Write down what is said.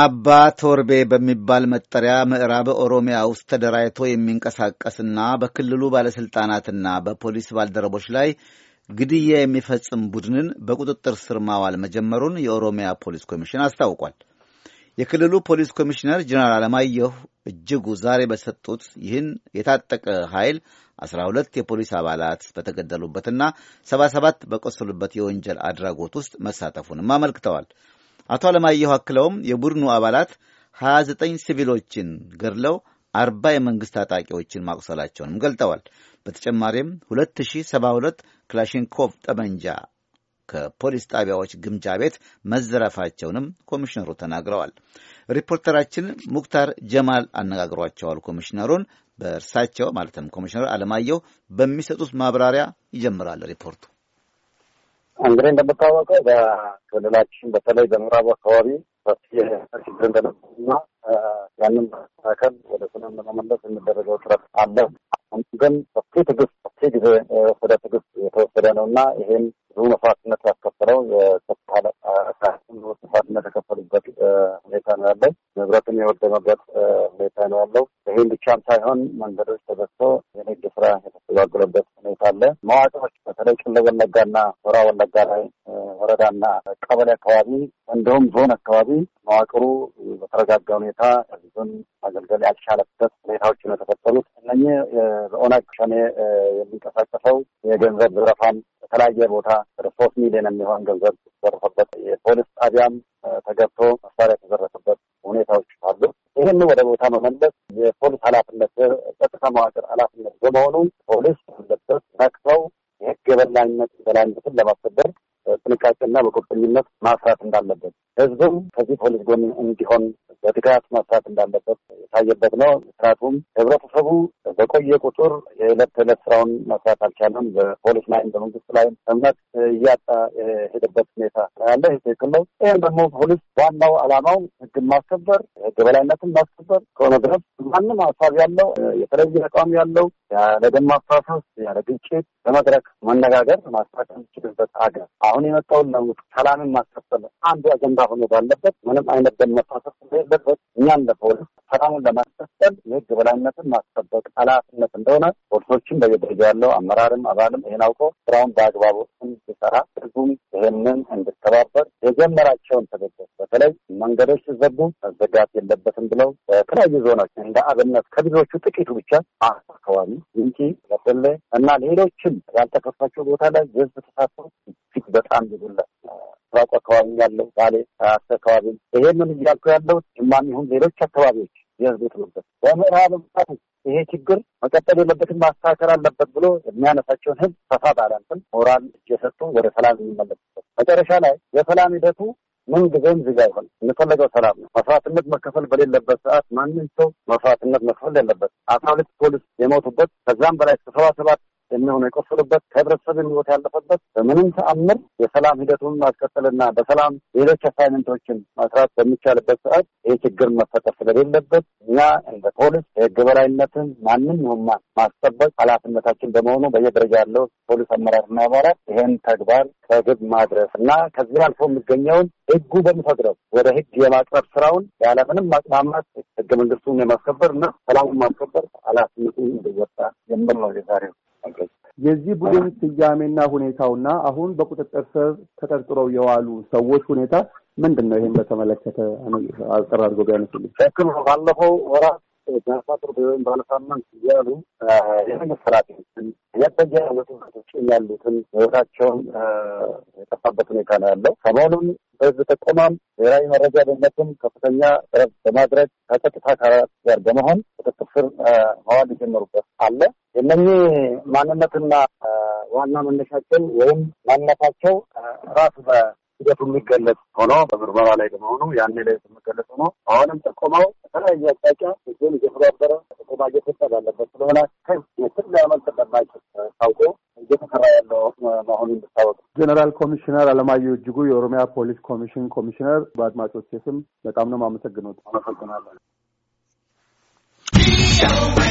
አባ ቶርቤ በሚባል መጠሪያ ምዕራብ ኦሮሚያ ውስጥ ተደራጅቶ የሚንቀሳቀስና በክልሉ ባለሥልጣናትና በፖሊስ ባልደረቦች ላይ ግድያ የሚፈጽም ቡድንን በቁጥጥር ስር ማዋል መጀመሩን የኦሮሚያ ፖሊስ ኮሚሽን አስታውቋል። የክልሉ ፖሊስ ኮሚሽነር ጀነራል አለማየሁ እጅጉ ዛሬ በሰጡት ይህን የታጠቀ ኃይል ሁለት የፖሊስ አባላት በተገደሉበትና 77 በቆሰሉበት የወንጀል አድራጎት ውስጥ መሳተፉንም አመልክተዋል። አቶ አለማየሁ አክለውም የቡድኑ አባላት 29 ሲቪሎችን ገድለው አርባ የመንግሥት ታጣቂዎችን ማቁሰላቸውንም ገልጠዋል። በተጨማሪም 2072 ክላሽንኮቭ ጠመንጃ ከፖሊስ ጣቢያዎች ግምጃ ቤት መዘረፋቸውንም ኮሚሽነሩ ተናግረዋል። ሪፖርተራችን ሙክታር ጀማል አነጋግሯቸዋል። ኮሚሽነሩን በእርሳቸው ማለትም ኮሚሽነር አለማየሁ በሚሰጡት ማብራሪያ ይጀምራል ሪፖርቱ። እንግዲህ እንደምታወቀው በክልላችን በተለይ በምዕራቡ አካባቢ ሰፊ ችግር እንደነበርና ያንን መካከል ወደ ሰላም ለመመለስ የሚደረገው ጥረት አለ። ግን ሰፊ ትግስት ሰፊ ጊዜ ወደ ትግስት የተወሰደ ነው እና ይህም ብዙ መስዋዕትነት ያስከፈለው መስዋዕትነት የከፈሉበት ሁኔታ ነው ያለው። ንብረትን የወደመበት ሁኔታ ነው ያለው። ይህም ብቻም ሳይሆን መንገዶች ተዘግቶ የንግድ ስራ የተስተጓጎለበት ሁኔታ አለ። መዋቅሮች በተለይ ቄለ ወለጋና ሆራ ወለጋ ላይ ወረዳና ቀበሌ አካባቢ እንዲሁም ዞን አካባቢ መዋቅሩ በተረጋጋ ሁኔታ ዞን አገልገል ያልቻለበት ሁኔታዎች ነው የተፈጠሩት። እነኚህ በኦነግ ሸኔ የሚንቀሳቀሰው የገንዘብ ዝረፋም በተለያየ ቦታ ወደ ሶስት ሚሊዮን የሚሆን ገንዘብ የተዘረፈበት የፖሊስ ጣቢያም ተገብቶ መሳሪያ የተዘረፈበት ሁኔታዎች አሉ። ይህን ወደ ቦታ መመለስ የፖሊስ ኃላፊነት ጸጥታ መዋቅር ኃላፊነት በመሆኑ ፖሊስ አለበት ነቅተው የህግ የበላይነት በላይነትን ለማስከበር ጥንቃቄና በቁርጠኝነት ማስራት እንዳለበት ህዝብም ከዚህ ፖሊስ ጎን እንዲሆን በትጋት መፍታት እንዳለበት የታየበት ነው። ምክንያቱም ህብረተሰቡ በቆየ ቁጥር የዕለት ተዕለት ስራውን መስራት አልቻለም። በፖሊስ ላይም በመንግስት ላይም እምነት እያጣ የሄደበት ሁኔታ ያለ ትክክል ነው። ይህም ደግሞ ፖሊስ ዋናው ዓላማው ህግን ማስከበር፣ ህግ በላይነትን ማስከበር ከሆነ ድረስ ማንም ሀሳብ ያለው የተለየ ተቋም ያለው ያለ ደም ማፋሰስ ያለ ግጭት በመድረክ መነጋገር ማስታከም የሚችልበት ሀገር አሁን የመጣውን ለውጥ ሰላምን ማስከበር አንዱ አጀንዳ ሆኖ ባለበት ምንም አይነት ደም መፋሰስ ስላለበት እኛም ለፖሊስ ሰላሙን ለማስቀጠል የህግ በላይነትን ማስጠበቅ ኃላፊነት እንደሆነ ፖሊሶችም በየደረጃ ያለው አመራርም አባልም ይህን አውቆ ስራውን በአግባቡ እንዲሰራ ህዝቡም ይህንን እንድተባበር የጀመራቸውን ትብብር በተለይ መንገዶች ሲዘጉ መዘጋት የለበትም ብለው በተለያዩ ዞኖች እንደ አብነት ከብዙዎቹ ጥቂቱ ብቻ አካባቢ ግንጪ፣ በደሌ እና ሌሎችም ያልተከፋቸው ቦታ ላይ የህዝብ ተሳትፎ እጅግ በጣም ይጉላል። ምስራቅ አካባቢ ያለው ባሌ አካባቢ ይሄ እያልኩ ያለው ጅማም ይሁን ሌሎች አካባቢዎች የህዝብ ትምህርት በምዕራብ ይሄ ችግር መቀጠል የለበትም ማስተካከል አለበት ብሎ የሚያነሳቸውን ህዝብ ሰፋ ባላንትም ሞራል እየሰጡ ወደ ሰላም የሚመለሱበት መጨረሻ ላይ የሰላም ሂደቱ ምን ጊዜም ዝግ አይሆን። የምንፈልገው ሰላም ነው። መስዋዕትነት መከፈል በሌለበት ሰዓት ማንም ሰው መስዋዕትነት መክፈል የለበት። አስራ ሁለት ፖሊስ የሞቱበት ከዛም በላይ ከሰባ ሰባት የሚሆነ የቆሰሉበት ከህብረተሰብ ህይወት ያለፈበት በምንም ተአምር የሰላም ሂደቱን ማስቀጠልና በሰላም ሌሎች አሳይመንቶችን ማስራት በሚቻልበት ሰዓት ይህ ችግር መፈጠር ስለሌለበት እኛ እንደ ፖሊስ የህግ በላይነትን ማንም ይሁን ማስጠበቅ ኃላፊነታችን በመሆኑ በየደረጃ ያለው ፖሊስ አመራርና አባላት ይህን ተግባር ከግብ ማድረስ እና ከዚህ አልፎ የሚገኘውን ህጉ በሚፈቅደው ወደ ህግ የማቅረብ ስራውን ያለምንም ማቅማማት ህገ መንግስቱን የማስከበር እና ሰላሙን ማስከበር ኃላፊነቱን እንዲወጣ የምል ነው የዛሬው አንቀጽ የዚህ ቡድን ስያሜና ሁኔታውና አሁን በቁጥጥር ስር ተጠርጥረው የዋሉ ሰዎች ሁኔታ ምንድን ነው? ይህን በተመለከተ አጠር አድርገው ቢያነሱልኝ። ትክክል ነው። ባለፈው ወራት ዳፋጥር ወይም ባለሳምንት እያሉ የመንግስት ሰራተኞችን የተያያዙ ውጭም ያሉትን ህይወታቸውን የጠፋበት ሁኔታ ነው ያለው። ሰሞኑን በህዝብ ተቆማም ብሔራዊ መረጃ ደህንነትን ከፍተኛ ጥረት በማድረግ ከጸጥታ አካላት ጋር በመሆን ቁጥጥር ስር መዋል የጀመሩበት አለ። የእነኚህ ማንነትና ዋና መነሻቸው ወይም ማንነታቸው ራሱ በሂደቱ የሚገለጽ ሆኖ በምርመራ ላይ በመሆኑ ያኔ ላይ የሚገለጽ ሆኖ አሁንም ጠቆመው በተለያየ አቅጣጫ ህዝብን እየተባበረ ጥቆማ እየሰጠ ባለበት ስለሆነ ከዚህ የትም ሊያመልጥ እንደማይችል ታውቆ እየተሰራ ያለው መሆኑ እንድታወቅ። ጀነራል ኮሚሽነር አለማየሁ እጅጉ የኦሮሚያ ፖሊስ ኮሚሽን ኮሚሽነር፣ በአድማጮች ስም በጣም ነው የማመሰግነው። አመሰግናለን።